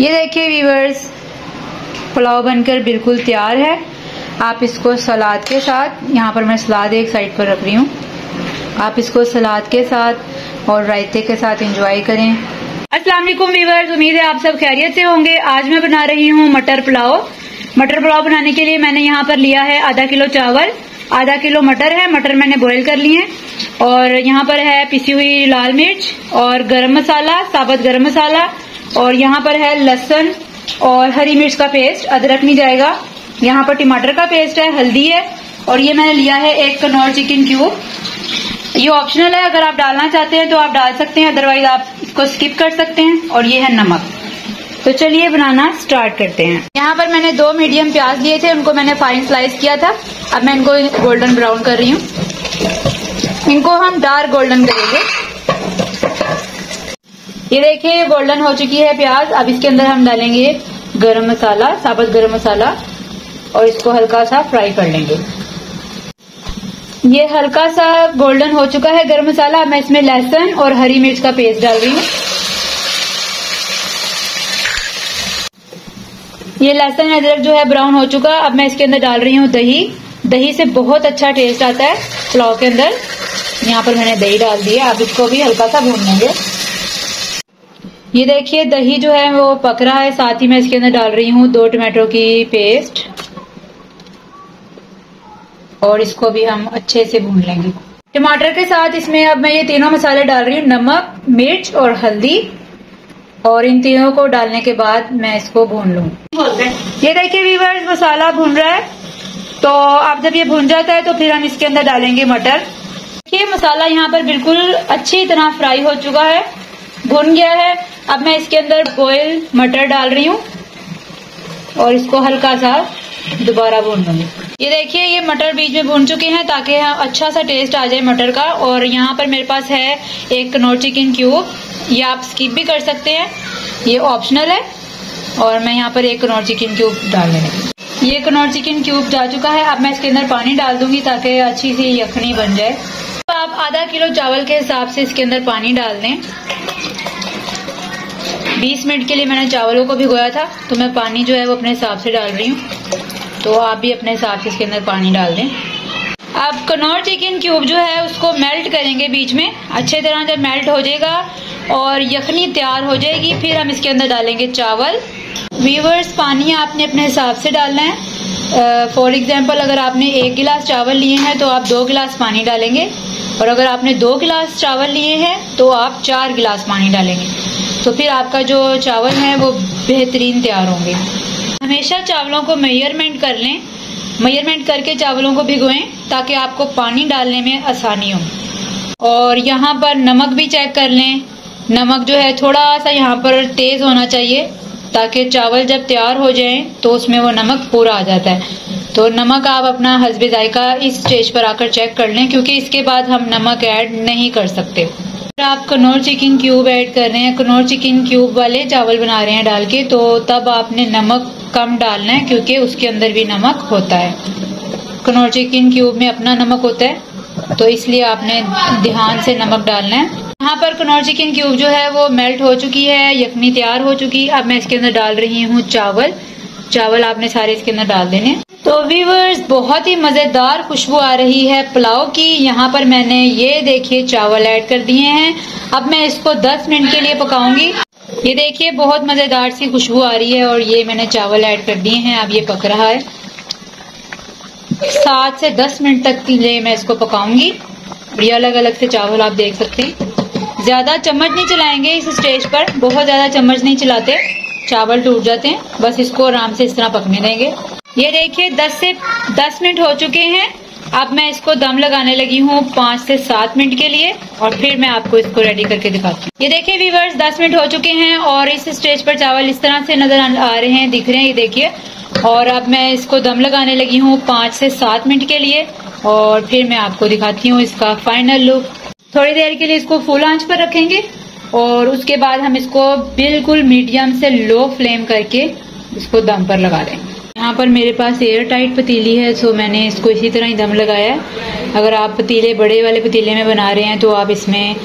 ये देखिए वीवर्स पुलाव बनकर बिल्कुल तैयार है आप इसको सलाद के साथ यहाँ पर मैं सलाद एक साइड पर रख रही हूँ आप इसको सलाद के साथ और रायते के साथ एंजॉय करें वालेकुम वीवर्स उम्मीद है आप सब खैरियत से होंगे आज मैं बना रही हूँ मटर पुलाव मटर पुलाव बनाने के लिए मैंने यहाँ पर लिया है आधा किलो चावल आधा किलो मटर है मटर मैंने बॉईल कर लिए हैं और यहाँ पर है पिसी हुई लाल मिर्च और गरम मसाला साबत गरम मसाला और यहाँ पर है लहसन और हरी मिर्च का पेस्ट अदरक नहीं जाएगा यहाँ पर टमाटर का पेस्ट है हल्दी है और ये मैंने लिया है एक कनौर चिकन क्यूब ये ऑप्शनल है अगर आप डालना चाहते हैं तो आप डाल सकते हैं अदरवाइज आप इसको स्किप कर सकते हैं और ये है नमक तो चलिए बनाना स्टार्ट करते हैं यहाँ पर मैंने दो मीडियम प्याज लिए थे उनको मैंने फाइन स्लाइस किया था अब मैं इनको गोल्डन ब्राउन कर रही हूँ इनको हम डार्क गोल्डन करेंगे ये देखिए गोल्डन हो चुकी है प्याज अब इसके अंदर हम डालेंगे गरम मसाला साबुत गरम मसाला और इसको हल्का सा फ्राई कर लेंगे ये हल्का सा गोल्डन हो चुका है गरम मसाला मैं इसमें लहसुन और हरी मिर्च का पेस्ट डाल रही हूँ ये लहसुन अदरक जो है ब्राउन हो चुका अब मैं इसके अंदर डाल रही हूँ दही दही से बहुत अच्छा टेस्ट आता है पुलाव के अंदर यहाँ पर मैंने दही डाल दिया अब इसको भी हल्का सा भून लेंगे ये देखिए दही जो है वो पक रहा है साथ ही मैं इसके अंदर डाल रही हूँ दो टमाटो की पेस्ट और इसको भी हम अच्छे से भून लेंगे टमाटर के साथ इसमें अब मैं ये तीनों मसाले डाल रही हूँ नमक मिर्च और हल्दी और इन तीनों को डालने के बाद मैं इसको भून लू ये देखिए वीवर्स मसाला भून रहा है तो आप जब ये भून जाता है तो फिर हम इसके अंदर डालेंगे मटर ये मसाला यहाँ पर बिल्कुल अच्छी तरह फ्राई हो चुका है भुन गया है अब मैं इसके अंदर बॉयल मटर डाल रही हूँ और इसको हल्का सा दोबारा भून लूंगी ये देखिए ये मटर बीच में भून चुके हैं ताकि अच्छा सा टेस्ट आ जाए मटर का और यहाँ पर मेरे पास है एक कनौर चिकन क्यूब ये आप स्किप भी कर सकते हैं ये ऑप्शनल है और मैं यहाँ पर एक कनौर चिकन क्यूब डाल लगी ये कनौर चिकन क्यूब जा चुका है अब मैं इसके अंदर पानी डाल दूंगी ताकि अच्छी सी यखनी बन जाए तो आप आधा किलो चावल के हिसाब से इसके अंदर पानी डाल दें 20 मिनट के लिए मैंने चावलों को भिगोया था तो मैं पानी जो है वो अपने हिसाब से डाल रही हूँ तो आप भी अपने हिसाब से इसके अंदर पानी डाल दें अब कनौर चिकन क्यूब जो है उसको मेल्ट करेंगे बीच में अच्छे तरह जब मेल्ट हो जाएगा और यखनी तैयार हो जाएगी फिर हम इसके अंदर डालेंगे चावल वीवर्स पानी आपने अपने हिसाब से डालना है फॉर एग्जाम्पल अगर आपने एक गिलास चावल लिए हैं तो आप दो गिलास पानी डालेंगे और अगर आपने दो गिलास चावल लिए हैं तो आप चार गिलास पानी डालेंगे तो फिर आपका जो चावल है वो बेहतरीन तैयार होंगे हमेशा चावलों को मेयरमेंट कर लें मेयरमेंट करके चावलों को भिगोएं ताकि आपको पानी डालने में आसानी हो और यहाँ पर नमक भी चेक कर लें नमक जो है थोड़ा सा यहाँ पर तेज़ होना चाहिए ताकि चावल जब तैयार हो जाए तो उसमें वो नमक पूरा आ जाता है तो नमक आप अपना हसबे जायका इस स्टेज पर आकर चेक कर लें क्योंकि इसके बाद हम नमक ऐड नहीं कर सकते आप कनौर चिकन क्यूब ऐड कर रहे हैं कनौर चिकन क्यूब वाले चावल बना रहे हैं डाल के तो तब आपने नमक कम डालना है क्योंकि उसके अंदर भी नमक होता है कनौर चिकन क्यूब में अपना नमक होता है तो इसलिए आपने ध्यान से नमक डालना है यहाँ पर कनौर चिकन क्यूब जो है वो मेल्ट हो चुकी है यखनी तैयार हो चुकी है अब मैं इसके अंदर डाल रही हूँ चावल चावल आपने सारे इसके अंदर डाल देने तो व्यूवर्स बहुत ही मज़ेदार खुशबू आ रही है पुलाव की यहाँ पर मैंने ये देखिए चावल ऐड कर दिए हैं अब मैं इसको 10 मिनट के लिए पकाऊंगी ये देखिए बहुत मज़ेदार सी खुशबू आ रही है और ये मैंने चावल ऐड कर दिए हैं अब ये पक रहा है सात से दस मिनट तक के लिए मैं इसको पकाऊंगी ये अलग अलग से चावल आप देख सकते हैं ज़्यादा चम्मच नहीं चलाएंगे इस स्टेज पर बहुत ज़्यादा चम्मच नहीं चलाते चावल टूट जाते हैं बस इसको आराम से इस तरह पकने देंगे ये देखिए 10 से 10 मिनट हो चुके हैं अब मैं इसको दम लगाने लगी हूँ पांच से सात मिनट के लिए और फिर मैं आपको इसको रेडी करके दिखाती हूँ ये देखिए व्यूवर्स दस मिनट हो चुके हैं और इस स्टेज पर चावल इस तरह से नजर आ रहे हैं दिख रहे हैं ये देखिए और अब मैं इसको दम लगाने लगी हूँ पांच से सात मिनट के लिए और फिर मैं आपको दिखाती हूँ इसका फाइनल लुक थोड़ी देर के लिए इसको फुल आंच पर रखेंगे और उसके बाद हम इसको बिल्कुल मीडियम से लो फ्लेम करके इसको दम पर लगा देंगे यहाँ पर मेरे पास एयर टाइट पतीली है सो मैंने इसको इसी तरह ही दम लगाया है अगर आप पतीले बड़े वाले पतीले में बना रहे हैं तो आप इसमें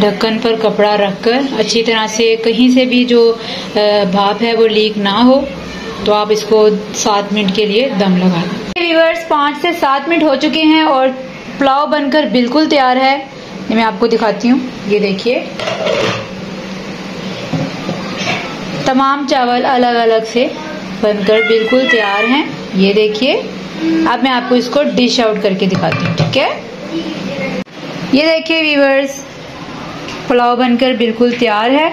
ढक्कन पर कपड़ा रखकर अच्छी तरह से कहीं से भी जो भाप है वो लीक ना हो तो आप इसको सात मिनट के लिए दम लगा दें व्यूवर्स पाँच से सात मिनट हो चुके हैं और पुलाव बनकर बिल्कुल तैयार है ये मैं आपको दिखाती हूँ ये देखिए तमाम चावल अलग अलग से बनकर बिल्कुल तैयार हैं ये देखिए अब मैं आपको इसको डिश आउट करके दिखाती हूँ ठीक है ये देखिए वीवर्स पुलाव बनकर बिल्कुल तैयार है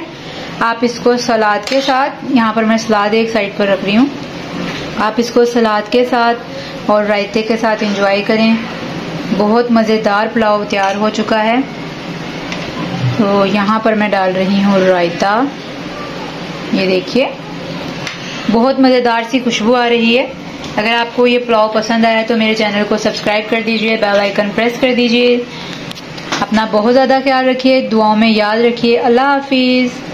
आप इसको सलाद के साथ यहाँ पर मैं सलाद एक साइड पर रख रही हूँ आप इसको सलाद के साथ और रायते के साथ इंजॉय करें बहुत मज़ेदार पुलाव तैयार हो चुका है तो यहाँ पर मैं डाल रही हूँ रायता ये देखिए बहुत मज़ेदार सी खुशबू आ रही है अगर आपको ये पुलाव पसंद आया तो मेरे चैनल को सब्सक्राइब कर दीजिए बेल आइकन प्रेस कर दीजिए अपना बहुत ज़्यादा ख्याल रखिए दुआओं में याद रखिए अल्लाह हाफिज़